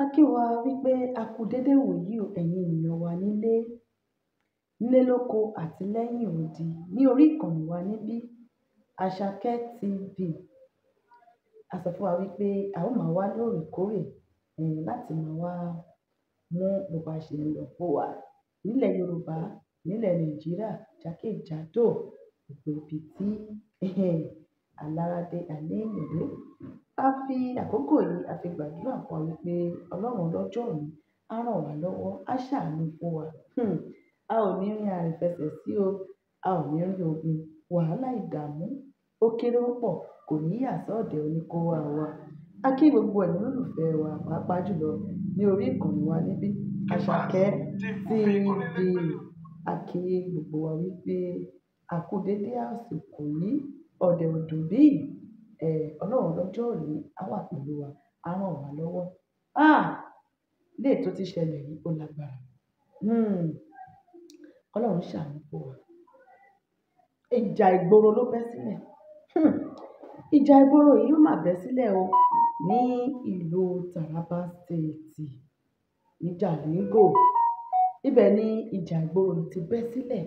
á kí wa wí pé a kú déédé ìwòyí o ẹ̀yin ènìyàn wa nílé nílé lóko àti lẹ́yìn odi ní orí ìkànnì wa níbí àṣàkẹ́ tv a sọ fún wa wípé a ó máa wá lóòrèkóòrè eh, láti máa wá mú bó bá ṣe ń lọ fún wa nílẹ̀ yorùbá nílẹ̀ nàìjíríà jákèjádò gbogbo tí eh, alárádé àléèyàn dé a fi àkókò yìí a fi gbàdúrà fún wa wípé ọlọ́run ọlọ́jọ́ òní á ràn wá lọ́wọ́ á ṣàánú fún wa um a ò ní rin àrìnfẹsẹ̀sí o a ò ní rí ogun wàhálà ìdààmú ó kéré ó pọ̀ kò ní yà sọ́ọ̀dẹ̀ oníkóówá wa a kí gbogbo ẹ̀yin olólùfẹ́ wa pàápàá jùlọ ní orí ìkànnì wa níbí àṣàkẹ́ tv a kí gbogbo wa wípé a kú déédéé àsìkò yìí ọ̀dẹ̀ òdùn bíi ọlọ́run lọ́jọ́ òní á wà pẹ̀lú wa á ràn wá lọ́wọ́ lè tó ti ṣẹlẹ̀ yìí ó lágbára hmm. ọlọ́run ṣàánú fún wa ìjà ìgboro ló bẹ́ sílẹ̀ hmm. ìjà ìgboro yìí yóò mà bẹ́ sílẹ̀ o ní ìlú Taraba State ní Jalingo ibẹ̀ ni ìjà ìgboro yìí ti bẹ́ sílẹ̀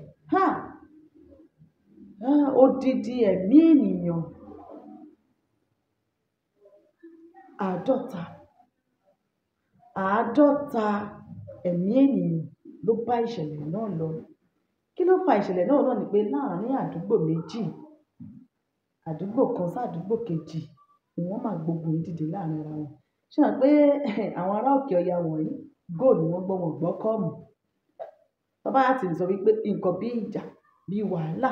odidi ẹ̀mí ènìyàn àádọ́ta àádọ́ta ẹ̀mí ènìyàn ló bá ìṣẹ̀lẹ̀ náà lọ kí ló fa ìṣẹ̀lẹ̀ náà náà ni pé láàárín àdúgbò méjì àdúgbò kan sádúgbò kejì ni wọ́n máa gbógun dìde láàárín ara wọn ṣé hàn pé àwọn ará òkè ọya wọ̀nyí góò ni wọ́n gbọ́ wọn gbọ́ kọ́ọ̀mù tọ́ba ti sọ wípé nǹkan bí ìjà bí wàhálà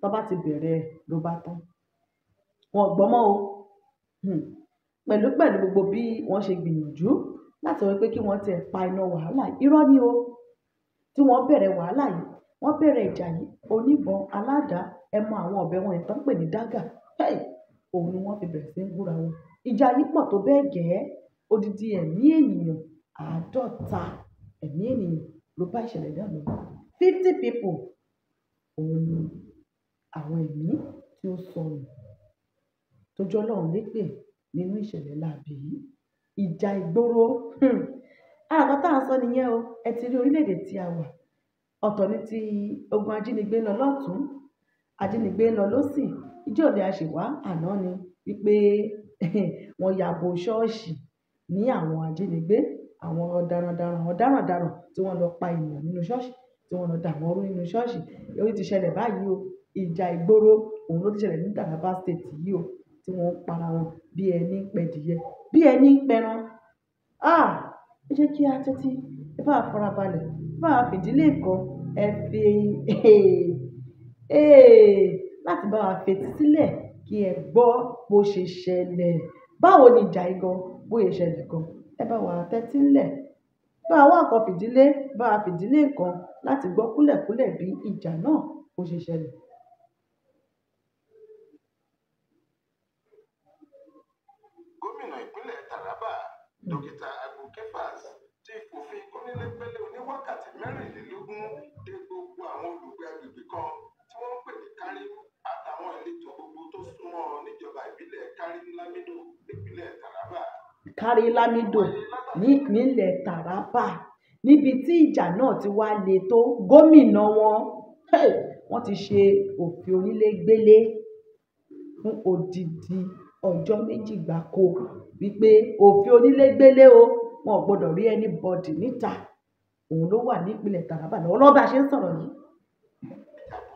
tọ́ba ti bẹ̀rẹ̀ ló bá tán wọn gbọ́mọ́ o hmm pẹ̀lú pẹ̀lú gbogbo bí wọ́n ṣe gbìyànjú láti sọ wípé kí wọ́n tiẹ̀ pa iná wàhálà yìí irọ́ ni o tí wọ́n bẹ̀rẹ̀ wàhálà yìí wọ́n bẹ̀rẹ̀ ìjà yìí oníbọn aládàá ẹ mọ àwọn ọ̀bẹ wọn ìtàn pè ní dágà hey òun ni wọ́n fi bẹ̀rẹ̀ sí í búra wọn ìjà yìí pọ̀ tó bẹ́ẹ̀ gẹ́ẹ́ odidi ẹ̀mí ènìyàn àádọ́ta ẹ̀mí ènìyàn ló bá ìṣẹ̀lẹ̀ náà lọ fifty people òun ni àwọn ẹ̀mí tí ó sọnù tó jọ́ lọ́run lépè nínú ìṣẹ̀lẹ̀ láabi yìí ìjà ìgboro àkọ́ hmm. tá à ń sọ nìyẹn o ẹ ti rí orílẹ̀-èdè tí a wà ọ̀tọ̀ ní ti ogun ajínigbé lọ lọ́tún ajínigbé lọ lọ́sìn ìjọ ni a ṣì wá àná ni wípé wọ́n ya bo ṣọ́ọ̀ṣì ní àwọn ajínigbé àwọn darandaran àwọn darandaran tí wọ́n lọ pa ènìyàn nínú ṣọ́ọ̀ṣì tí wọ́n lọ dà wọ́n rú nínú ṣọ́ọ̀ṣì èyí ti ṣẹlẹ̀ báyìí o ìjà ìgboro òun ló ti ṣẹlẹ̀ ní Taraba State yìí o tí wọ́n ń para wọn bí ẹni ń pẹ̀díyẹ bí ẹni ń pẹran. Ah! Ẹ jẹ́ kí a tẹ́tí, ẹ bá wa farabalẹ̀, ẹ bá wa fìdílé nǹkan, ẹ fi eh, eh, láti bá wa fetí sílẹ̀ kí ẹ gbọ́ bó ṣe ṣẹlẹ̀. Báwo ni ìjà yìí gan, bó ṣe ṣẹlẹ̀ gan. Ẹ bá wa tẹ́tí lẹ̀. Bá wa wá nǹkan fìdílé, bá wa fìdílé nǹkan láti gbọ́ kúlẹ̀kúlẹ̀ bí ìjà náà bó ṣe ṣẹlẹ̀. dókítà agbókefas ti fòfin kónílẹ́gbẹ́lẹ́ oníwákàtí mẹ́rìnlélógún dé gbogbo àwọn olùgbé agbègbè kan tí wọ́n ń pè ní kárí àtàwọn ìletò gbogbo tó súnmọ́ níjọba ìbílẹ̀ kárí lámídò nípínlẹ̀ taraba. kárí lámídò nípínlẹ̀ taraba níbi tí ìjà náà ti wá le tó gómìnà wọn wọ́n ti ṣe òfin onílẹ̀gbẹ́lẹ̀ fún odidi ọjọ́ méjì gbáko wípé òfin onílégbélé o wọn ò gbọdọ̀ rí anybody níta òun ló wà ní ìpínlẹ̀ Taraba lọ́wọ́ lọ́ba ṣe ń sọ̀rọ̀ yìí.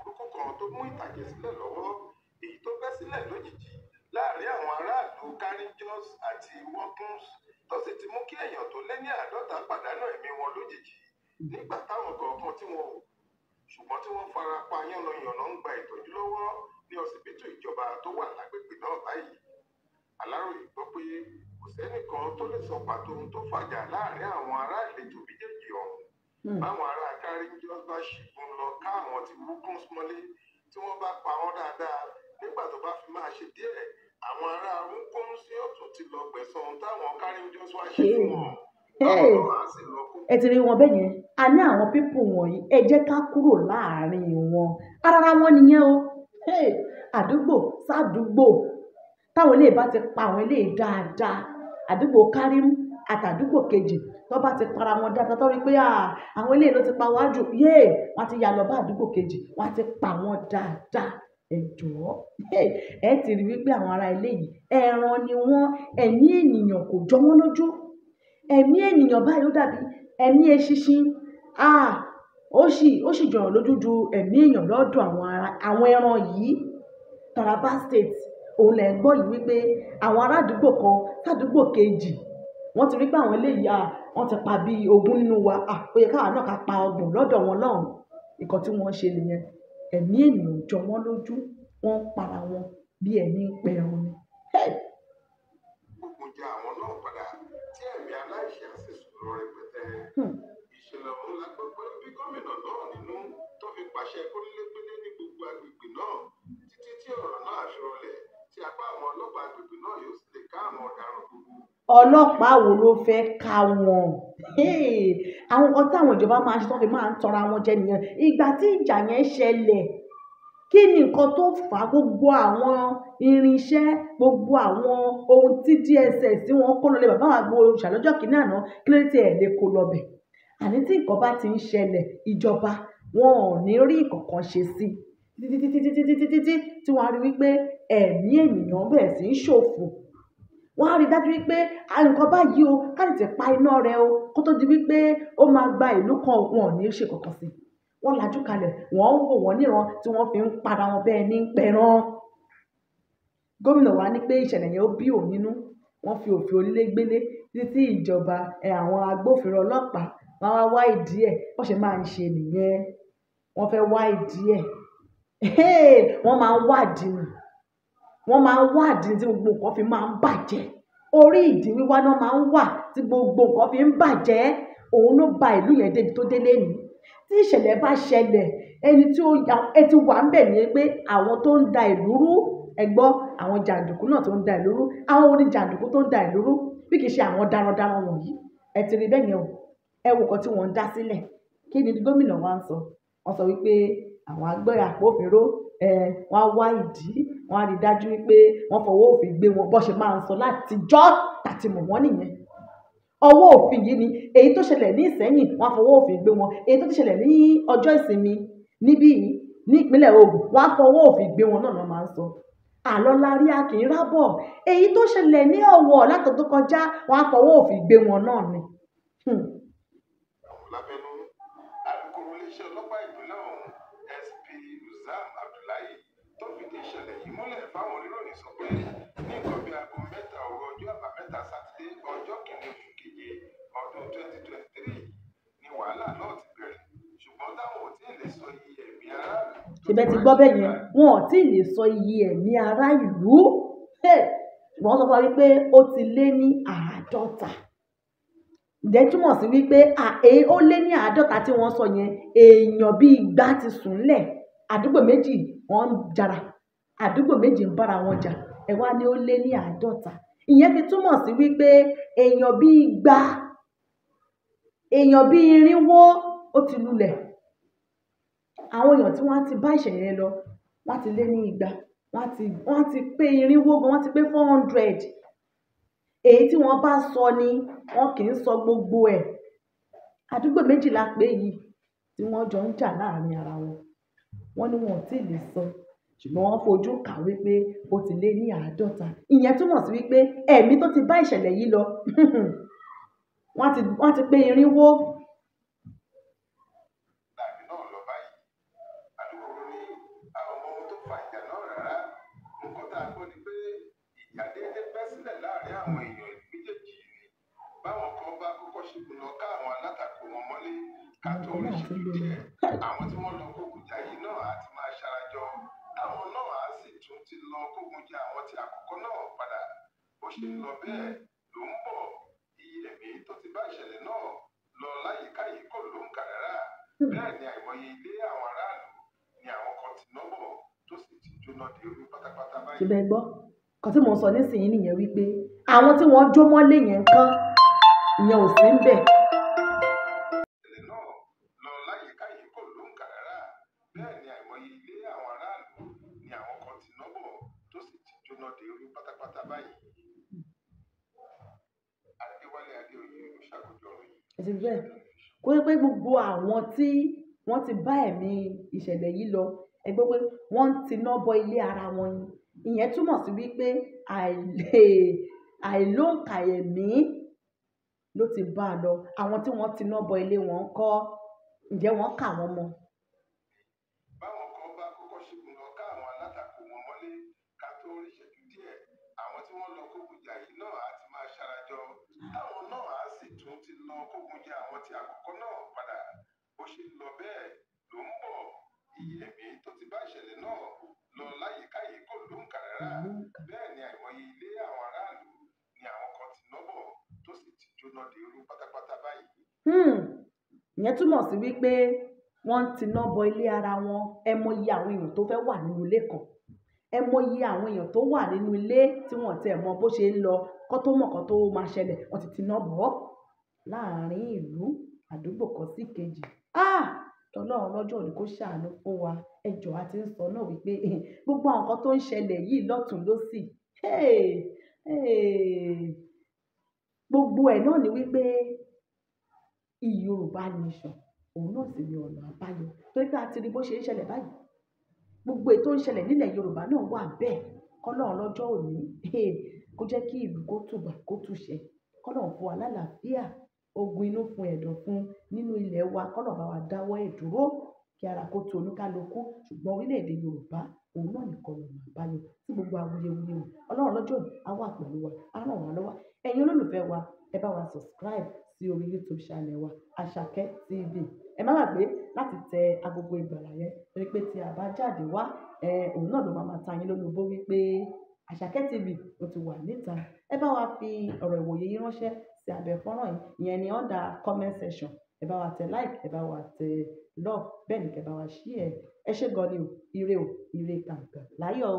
kókó tó mú ìtàjẹ̀ sílẹ̀ lọ́wọ́ èyí tó bẹ́ sílẹ̀ lójijì láàrin àwọn aráàlú Karinjos àti Wọ́púns tó sì ti mú kí èèyàn tó lé ní àádọ́ta pàdánù ẹ̀mí wọn lójijì nígbà táwọn kọ̀ọ̀kan tí wọn ò ṣùgbọ́n tí wọ́n fara pa yánnayànna ń gba ìtọ́jú lọ́wọ́ ní ọsibítù ìjọba tó wà lágbègbè náà báyìí aláròye gbọ́ pé kò sẹ́nìkan tó lè sọ pàtó ohun tó fàjà láàrin àwọn ará àlejò méjèèjì ọ̀hún hmm. báwọn ará káríjọ́ bá ṣìgun lọ káwọn ti wúkún mọ́lé tí wọ́n bá pa wọ́n dáadáa nígbà tó bá fi máa ṣe díẹ̀ àwọn ará wúkún sí ọ̀tún ti lọ gbẹ̀sán ohun táwọn káríjọ́ wá ṣe fún wọn ẹ ti rí wọn bẹ́ẹ̀ yẹn a ní àwọn pípù wọ̀nyí ẹ jẹ́ ká kúrò láàrin wọn ara wọn nìyẹn o àdúgbò sádùúgbò táwọn eléyìí bá ti pa àwọn eléyìí dáadáa àdúgbò kárímù àtàdúgbò kejì tó bá ti para wọn dáadáa tó rí pé àwọn eléyìí ló ti pa wájú yéè wọn ti yà lọ bá àdúgbò kejì wọn ti pa wọn dáadáa ẹjọ ẹ ti rí wípé àwọn ará ilé yìí ẹran ni wọn ẹ̀mí ènìyàn kò jọ wọn lójú ẹ̀mí ènìyàn báyìí ó dàbí ẹ̀mí eṣinṣin ó sì ó sì jọyàn lójú ju ẹ̀mí èèyàn lọ́dọ̀ àwọn ẹran yìí Taraba State òun lẹ̀ ń gbọ́ yìí wípé àwọn ará kan sádùúgbò kejì wọ́n ti rí pé àwọn eléyìí à wọ́n ti pa bíi ogún nínú wa à ó yẹ káwọn náà ká pa ọgbọ̀n lọ́dọ̀ wọn lọ́hùn nǹkan tí wọ́n ṣe nìyẹn ẹ̀mí ènìyàn jọ wọ́n lójú wọ́n ń para wọn bí ẹ̀mí ń pẹ wọn ni. gbogbo jẹ àwọn náà padà tí ẹ̀mí aláìṣẹ̀ sì sọ̀rọ̀ rẹpẹtẹ hmm. ìṣẹ̀lẹ̀ ọ̀hún la gbọ́ pé bí gómìnà náà nínú tó fi pàṣẹ kónílépínlé ní gbogbo agbègbè náà títí tí ọ̀rọ̀ náà fi tí apá àwọn ọlọ́pàá àgbègbè náà yóò sì lè ká àwọn ọ̀daràn gbogbo. ọlọ́pàá wo ló fẹ́ ká wọn àwọn nǹkan táwọn ìjọba máa ń ṣe tó fi máa ń tanra wọn jẹ nìyẹn ìgbà tí ìjà yẹn ṣẹlẹ̀ kí ni nǹkan tó fà á gbogbo àwọn irinṣẹ́ gbogbo àwọn ohun tí DSS tí kó lọ lé bàbá wa gbogbo ṣàlọ́jọ́ kìíní àná kí ló ti ẹ̀ lè kó lọ bẹ̀ àní tí nǹkan bá ti ń ṣẹlẹ̀ ìjọba wọn ò ní rí nǹkan kan ṣe sí i títítítítítítítítí tí wọ́n á rí wípé ẹ̀mí ènìyàn bẹ̀rẹ̀ sí í ṣòfò wọ́n á rí dájú wípé nǹkan báyìí o ká lè tẹ̀ pa iná rẹ o kó tó di wípé ó máa gba ìlú kan wọn ò ní í ṣe kankan sí i wọ́n lajú kalẹ̀ wọ́n ń wò wọ́n níran tí wọ́n fi ń para wọn bẹ́ẹ̀ ní pẹ̀rán gómìnà wa ní pé ìṣẹ̀lẹ̀ yẹn ó bí òun nínú wọ́n fi òfin onílé gbélé títí ìjọba àwọn agbófinró ọlọ́pàá wọ́n wá wá ìdí ẹ̀ wọ́n ṣe máa ń ṣe nìyẹn wọ́n fẹ́ wá ìdí ẹ̀ wọ́n máa ń wádìí ni wọ́n máa ń wádìí tí gbogbo nǹkan fi máa ń bàjẹ́ orí ìdí wíwá náà máa ń wà tí gbogbo nǹkan fi ń bàjẹ́ òun ló ba ìlú yẹn débi tó délé ni tí ìṣẹ̀lẹ̀ bá ṣẹlẹ̀ ẹni tí ó ẹ ti wà ń ni pé àwọn tó ń da ìlú rú ẹ gbọ́ àwọn jàǹdùkú náà tó ń da ìlú rú àwọn oní jàǹdùkú tó ń da ìlú rú bí kì í ṣe àwọn darandaran wọ̀nyí ẹ ti rí bẹ́ẹ̀ yẹn o ẹ wò kan tí wọ́n ń dá sílẹ̀ kí ni gómìnà wa ń sọ wọ́n sọ wípé àwọn agbẹ́ àpòfinró wọ́n á wá ìdí wọ́n á rí dájú wípé wọ́n fọwọ́ òfin gbé wọn bọ́ ṣe máa ń sọ látijọ́ àti mọ̀ wọ́n nìyẹn ọwọ́ òfin yìí ni èyí tó ṣẹlẹ̀ ní Ìsẹ́yìn wọ́n á fọwọ́ òfin gbé wọn èyí tó ti ṣẹlẹ̀ ní ọjọ́ ìsinmi níbí yìí ní ìpínlẹ̀ Ògùn wọ́n á fọwọ́ òfin gbé wọn náà lọ́ máa ń sọ àlọ́ la rí a kì í rábọ̀ èyí tó ṣẹlẹ̀ ní Ọ̀wọ̀ látọ̀dún kọjá wọ́n á fọwọ́ òfin gbé wọn náà ni. Hmm. ṣùgbọ́n àwọn oníròyìn sọ pé ní nǹkan bíi aago mẹ́ta òru ọjọ́ àbámẹ́ta sátidé ọjọ́ kìíní oṣù keje ọdún twenty twenty three ni wàhálà náà ti bẹ̀rẹ̀ ṣùgbọ́n táwọn ò tí ì lè sọ iye ẹ̀mí aráàlú. ṣùgbọ́n ti gbọ́ bẹ́ẹ̀ yẹn wọn ò tí ì lè sọ iye ẹ̀mí aráàlú ṣùgbọ́n sọ fún wa wípé ó ti lé ní àádọ́ta ǹjẹ́ túmọ̀ sí wípé ó lé ní àádọ́ta tí wọ́n sọ yẹn èèyàn bíi igba ti sùn lẹ̀ àdúgbò méjì wọ́n ń jara àdúgbò méjì ń bára wọn jà ẹ wá ní ó lé ní àádọ́ta ìyẹn fi túmọ̀ sí wípé èèyàn bíi igba èèyàn bíi irínwó ó ti lulẹ̀ àwọn èèyàn tí wọ́n ti bá ìṣẹ̀lẹ̀ yẹn lọ wọ́n ti lé ní igba wọ́n ti wọ́n ti pé irínwó gan wọ́n ti pé four hundred èyí tí wọ́n bá sọ ni wọ́n kì í sọ gbogbo ẹ̀ àdúgbò méjì la pé yìí tí wọ́n jọ ń jà láàrin ara wọn wọ́n ní wọn ò tí ì lè sọ ṣùgbọ́n wọ́n fojú kà wípé ó ti lé ní àádọ́ta ìyẹn túmọ̀ sí wípé ẹ̀mí tó ti bá ìṣẹ̀lẹ̀ yìí lọ wọ́n ti pé irínwó àwọn tí wọ́n bẹ́ẹ̀ ló ń bọ̀ iye ẹ̀mí tó ti bá ìṣẹ̀lẹ̀ náà lọ láyìíká yìí kò ló ń kà rárá bẹ́ẹ̀ ni àìmọye ilé àwọn aráàlú ni àwọn kan ti ná bọ̀ tó sì ti jóná dé orí pátápátá báyìí. ṣùgbọ́n ẹ gbọ́ kan tí mò ń sọ nísìnyí nìyẹn wípé àwọn tí wọ́n jó mọ́lé yẹn kán ìyẹn ò sí ń bẹ̀. báyìí ti rí bẹ́ẹ̀ kó jẹ́ pé gbogbo àwọn tí wọ́n ti bá ẹ̀mí ìṣẹ̀lẹ̀ yìí lọ ẹ gbọ́ pé wọ́n ń tiná bọ ilé ara wọn ni ìyẹn túmọ̀ sí wípé àìlè àìlóǹkà ẹ̀mí ló ti bá a lọ àwọn tí wọ́n tiná bọ ilé wọn ńkọ́ ǹjẹ́ wọ́n kà wọ́n mọ́ lọ bẹ́ẹ̀ ló ń bọ̀ ìyèméjì tó ti bá ìṣẹ̀lẹ̀ náà lọ láyìíká yìí kò lóǹkà rárá bẹ́ẹ̀ ni àìmọye ilé àwọn aráàlú ni àwọn kan ti nọ́bọ̀ tó sì ti jóná de irú pátápátá báyìí. Hmm. ìyẹn túmọ̀ sí wípé wọ́n ti nọ́bọ ilé ara wọn ẹ mọyì àwọn èèyàn tó fẹ́ wà nínú ilé kan ẹ mọyì àwọn èèyàn tó wà nínú ilé tí wọ́n tẹ̀ mọ bó ṣe ń lọ kó tó mọ̀ kó tó máa ṣẹlẹ̀ wọ́n ti ti nọ́bọ̀ láàárín ìlú àdúgbò kan sí kejì. Ah! Ọlọ́run lọ́jọ́ òní kó ṣàánú fún wa. Ẹ jọ a ti ń sọ náà wípé gbogbo àwọn nǹkan tó ń ṣẹlẹ̀ yìí lọ́tùn lósì. Gbogbo ẹ̀ náà ni wípé Yorùbá nation, òun náà sì ni ọ̀nà àbáyọ. Torí pé a ti rí bó ṣe ń ṣẹlẹ̀ báyìí. Gbogbo èyí tó ń ṣẹlẹ̀ nílẹ̀ Yorùbá náà wà bẹ́ẹ̀. Ọlọ́run lọ́jọ́ òní kó jẹ́ kí ìlú kó tùbà kó tùṣẹ. Ọlọ́run fún wa lálàáfíà ogun inú fún ẹ̀dọ̀ fún nínú ilẹ̀ wa kọ́lọ̀ bá wa dáwọ́ ẹ̀ dúró kí ara kó tu oníkálukú ṣùgbọ́n orílẹ̀-èdè Yorùbá òun náà nìkan lọ́nà àbáyọ tí gbogbo awuyewuye wò Ọlọ́run lọ́jọ́ yìí á wa á ràn lọ́wọ́ ẹ̀yin olólùfẹ́ wa ẹ bá wa subscribe sí orí YouTube channel wa Àṣàkẹ́ TV ẹ má gbàgbé láti tẹ agogo ìgbàlà yẹn torí pé tí a bá jáde wá òun náà ló máa máa ta yín lólobó wípé Àṣàkẹ́ TV ó ti wà níta ẹ bá wa fi ọ̀rọ̀ ìwòye yín ránṣẹ́ sí abẹ́ fọ́nrán yìí ìyẹn ni under comment section ẹ bá wa tẹ like ẹ bá wa tẹ love bẹ́ẹ̀ ni kẹ́ bá wa share ẹ ṣé gan ni o ire o ire kàǹkà láyọ̀ o.